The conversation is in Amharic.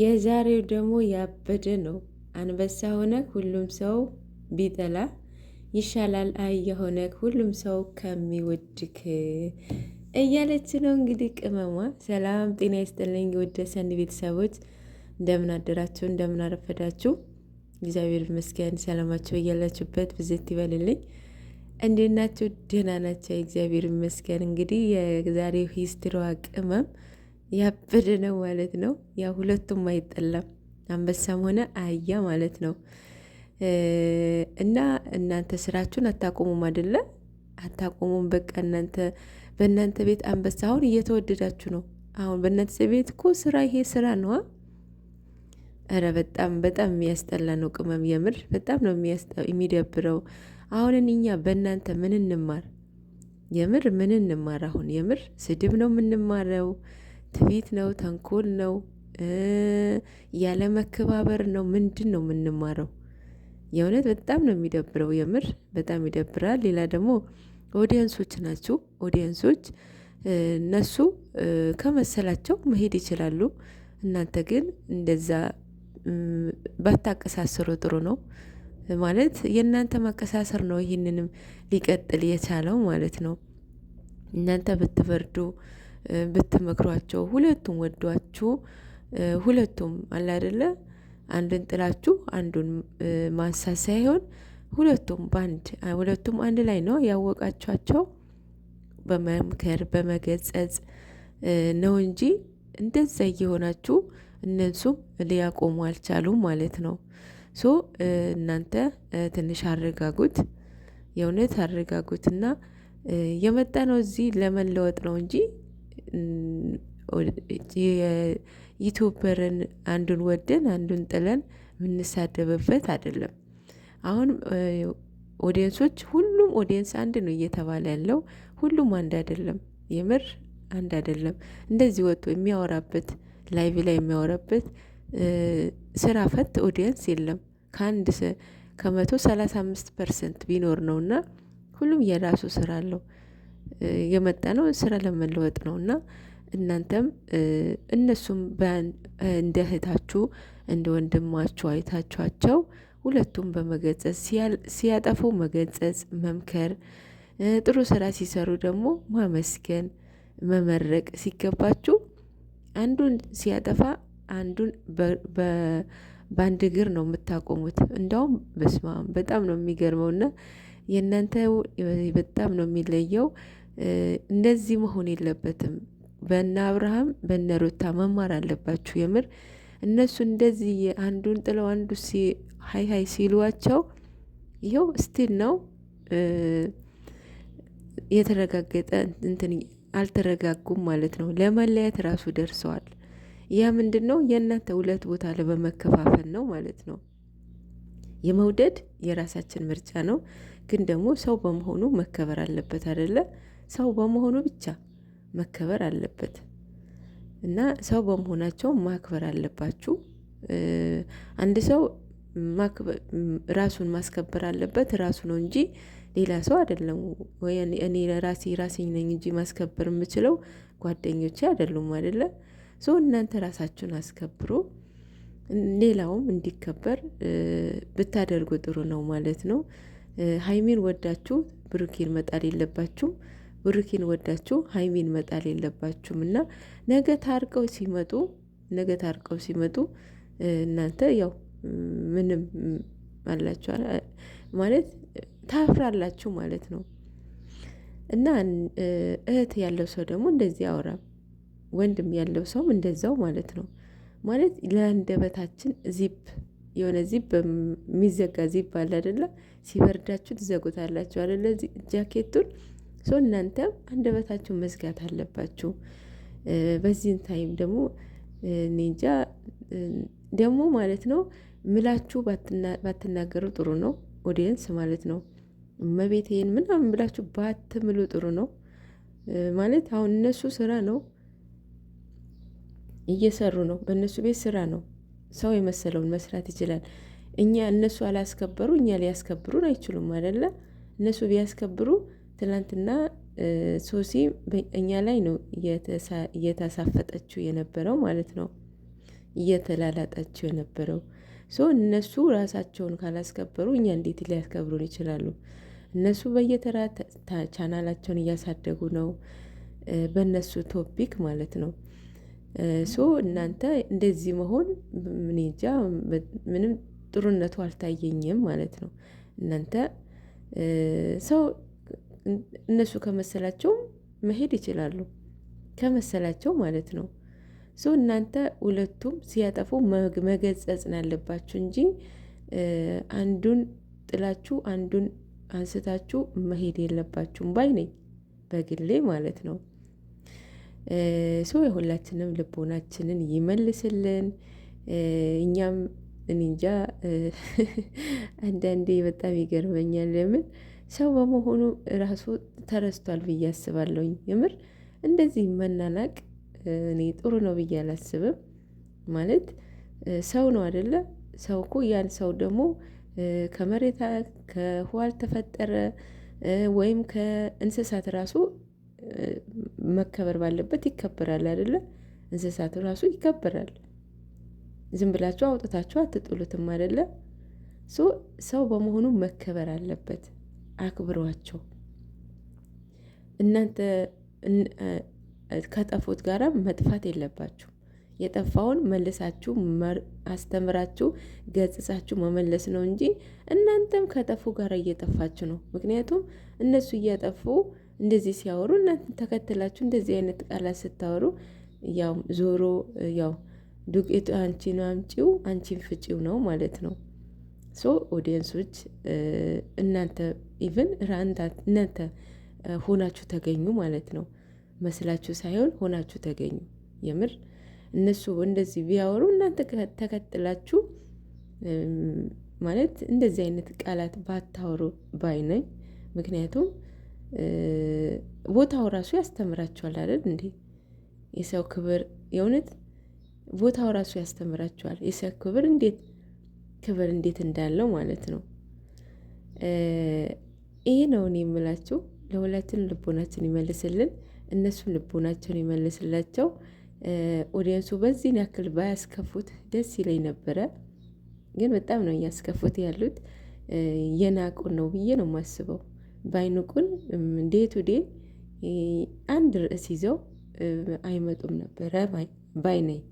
የዛሬው ደግሞ ያበደ ነው። አንበሳ ሆነ ሁሉም ሰው ቢጠላ ይሻላል አህያ ሆነክ ሁሉም ሰው ከሚወድክ እያለች ነው እንግዲህ ቅመሟ። ሰላም ጤና ይስጥልኝ ውድ ሰኒ ቤተሰቦች እንደምን አደራችሁ፣ እንደምን አረፈዳችሁ? እግዚአብሔር ይመስገን። ሰላማችሁ እያላችሁበት ብዝት ይበልልኝ። እንዴት ናችሁ? ደህና ናቸው። እግዚአብሔር ይመስገን። እንግዲህ የዛሬው ሂስትሪዋ ቅመም ያበደ ነው ማለት ነው። ያ ሁለቱም አይጠላም አንበሳም ሆነ አህያ ማለት ነው። እና እናንተ ስራችሁን አታቆሙም አይደለ? አታቆሙም። በቃ እናንተ በእናንተ ቤት አንበሳ አሁን እየተወደዳችሁ ነው። አሁን በእናንተ ቤት እኮ ስራ ይሄ ስራ ነዋ። ኧረ በጣም በጣም የሚያስጠላ ነው ቅመም፣ የምር በጣም ነው የሚደብረው። አሁንን እኛ በእናንተ ምን እንማር? የምር ምን እንማር? አሁን የምር ስድብ ነው የምንማረው። ትቢት ነው፣ ተንኮል ነው፣ ያለ መከባበር ነው። ምንድን ነው የምንማረው? የእውነት በጣም ነው የሚደብረው። የምር በጣም ይደብራል። ሌላ ደግሞ ኦዲየንሶች ናቸው። ኦዲየንሶች እነሱ ከመሰላቸው መሄድ ይችላሉ። እናንተ ግን እንደዛ ባታቀሳሰሩ ጥሩ ነው። ማለት የእናንተ መቀሳሰር ነው ይህንንም ሊቀጥል የቻለው ማለት ነው። እናንተ ብትበርዱ ብትመክሯቸው ሁለቱም ወዷችሁ ሁለቱም አለ አይደለ አንድን ጥላችሁ አንዱን ማንሳት ሳይሆን ሁለቱም በአንድ ሁለቱም አንድ ላይ ነው ያወቃችኋቸው። በመምከር በመገጸጽ ነው እንጂ እንደዛ እየሆናችሁ እነሱም ሊያቆሙ አልቻሉም ማለት ነው። ሶ እናንተ ትንሽ አረጋጉት፣ የእውነት አረጋጉትና የመጣ ነው እዚህ ለመለወጥ ነው እንጂ ዩቱበርን አንዱን ወደን አንዱን ጥለን የምንሳደብበት አይደለም። አሁን ኦዲየንሶች ሁሉም ኦዲየንስ አንድ ነው እየተባለ ያለው ሁሉም አንድ አይደለም። የምር አንድ አይደለም። እንደዚህ ወጥቶ የሚያወራበት ላይቭ ላይ የሚያወራበት ስራ ፈት ኦዲየንስ የለም። ከአንድ ከመቶ ሰላሳ አምስት ፐርሰንት ቢኖር ነው እና ሁሉም የራሱ ስራ አለው። የመጣ ነው፣ ስራ ለመለወጥ ነው እና እናንተም እነሱም እንደ እህታችሁ እንደ ወንድማችሁ አይታችኋቸው ሁለቱም በመገጸጽ ሲያጠፉ መገጸጽ፣ መምከር፣ ጥሩ ስራ ሲሰሩ ደግሞ ማመስገን፣ መመረቅ ሲገባችሁ አንዱን ሲያጠፋ አንዱን በአንድ እግር ነው የምታቆሙት። እንደውም በስማም በጣም ነው የሚገርመውና የእናንተ በጣም ነው የሚለየው። እንደዚህ መሆን የለበትም። በነ አብርሃም በነ ሩታ መማር አለባችሁ። የምር እነሱ እንደዚህ አንዱን ጥለው አንዱ ሀይ ሀይ ሲሏቸው ይኸው ስቲል ነው የተረጋገጠ እንትን አልተረጋጉም ማለት ነው። ለመለያየት ራሱ ደርሰዋል። ያ ምንድን ነው የእናንተ ሁለት ቦታ ለበመከፋፈል ነው ማለት ነው። የመውደድ የራሳችን ምርጫ ነው፣ ግን ደግሞ ሰው በመሆኑ መከበር አለበት አይደለም። ሰው በመሆኑ ብቻ መከበር አለበት እና ሰው በመሆናቸው ማክበር አለባችሁ። አንድ ሰው ራሱን ማስከበር አለበት ራሱ ነው እንጂ ሌላ ሰው አይደለም። ወይ እኔ ራሴ ራሴኝ ነኝ እንጂ ማስከበር የምችለው ጓደኞቼ አይደሉም አይደለ? ሶ እናንተ ራሳችሁን አስከብሩ፣ ሌላውም እንዲከበር ብታደርጉ ጥሩ ነው ማለት ነው። ሀይሚን ወዳችሁ ብሩኬን መጣል የለባችሁ። ብሩኬን ወዳችሁ ሀይሜን መጣል የለባችሁም እና ነገ ታርቀው ሲመጡ ነገ ታርቀው ሲመጡ እናንተ ያው ምንም አላችሁ ማለት ታፍራላችሁ ማለት ነው። እና እህት ያለው ሰው ደግሞ እንደዚህ አውራ ወንድም ያለው ሰውም እንደዛው ማለት ነው። ማለት ለአንደበታችን ዚፕ የሆነ ዚፕ የሚዘጋ ዚፕ አለ አደለ? ሲበርዳችሁ ትዘጉታላችሁ አይደለ? ጃኬቱን ሶ እናንተም አንደበታችሁን መዝጋት አለባችሁ። በዚህን ታይም ደግሞ እንጃ ደግሞ ማለት ነው ምላችሁ ባትናገሩ ጥሩ ነው። ኦዲየንስ ማለት ነው መቤቴን ምናምን ብላችሁ ባትምሉ ጥሩ ነው። ማለት አሁን እነሱ ስራ ነው እየሰሩ ነው። በእነሱ ቤት ስራ ነው። ሰው የመሰለውን መስራት ይችላል። እኛ እነሱ አላስከበሩ እኛ ሊያስከብሩን አይችሉም አይደለ? እነሱ ቢያስከብሩ ትላንትና ሶሲ እኛ ላይ ነው እየተሳፈጠችው የነበረው ማለት ነው፣ እየተላላጠችው የነበረው ሶ እነሱ ራሳቸውን ካላስከበሩ እኛ እንዴት ሊያስከብሩን ይችላሉ? እነሱ በየተራ ቻናላቸውን እያሳደጉ ነው፣ በእነሱ ቶፒክ ማለት ነው። ሶ እናንተ እንደዚህ መሆን እኔ እንጃ ምንም ጥሩነቱ አልታየኝም ማለት ነው። እናንተ ሰው እነሱ ከመሰላቸው መሄድ ይችላሉ፣ ከመሰላቸው ማለት ነው። ሶ እናንተ ሁለቱም ሲያጠፉ መገጸጽ ነው ያለባችሁ እንጂ አንዱን ጥላችሁ አንዱን አንስታችሁ መሄድ የለባችሁም ባይ ነኝ፣ በግሌ ማለት ነው። ሶ የሁላችንም ልቦናችንን ይመልስልን። እኛም እንጃ አንዳንዴ በጣም ይገርመኛል ለምን ሰው በመሆኑ ራሱ ተረስቷል ብዬ አስባለሁኝ። የምር እንደዚህ መናናቅ እኔ ጥሩ ነው ብዬ አላስብም። ማለት ሰው ነው አደለ? ሰው እኮ ያን ሰው ደግሞ ከመሬት ከኋል ተፈጠረ ወይም ከእንስሳት ራሱ መከበር ባለበት ይከበራል አደለ? እንስሳት ራሱ ይከበራል። ዝም ብላችሁ አውጥታችሁ አትጥሉትም አደለ? ሰው በመሆኑ መከበር አለበት። አክብሯቸው። እናንተ ከጠፉት ጋራ መጥፋት የለባችሁ። የጠፋውን መልሳችሁ አስተምራችሁ ገጽጻችሁ መመለስ ነው እንጂ እናንተም ከጠፉ ጋር እየጠፋችሁ ነው። ምክንያቱም እነሱ እያጠፉ እንደዚህ ሲያወሩ እናንተ ተከትላችሁ እንደዚህ አይነት ቃላት ስታወሩ ያው ዞሮ ያው ዱቄቱ አንቺን አምጪው አንቺን ፍጪው ነው ማለት ነው። ሶ ኦዲየንሶች እናንተ ኢቨን ራንዳ እናንተ ሆናችሁ ተገኙ ማለት ነው። መስላችሁ ሳይሆን ሆናችሁ ተገኙ። የምር እነሱ እንደዚህ ቢያወሩ እናንተ ተከትላችሁ ማለት እንደዚህ አይነት ቃላት ባታወሩ ባይ ነኝ። ምክንያቱም ቦታው ራሱ ያስተምራችኋል አይደል እንዴ? የሰው ክብር የእውነት ቦታው ራሱ ያስተምራችኋል። የሰው ክብር እንዴት ክብር እንዴት እንዳለው ማለት ነው። ይሄ ነው እኔ የምላችሁ። ለሁለትን ልቦናችን ይመልስልን፣ እነሱን ልቦናቸውን ይመልስላቸው። ኦዲየንሱ በዚህን ያክል ባያስከፉት ደስ ይለኝ ነበረ፣ ግን በጣም ነው እያስከፉት ያሉት። የናቁን ነው ብዬ ነው የማስበው። ባይንቁን ዴ ቱ ዴ አንድ ርዕስ ይዘው አይመጡም ነበረ ባይ ነኝ።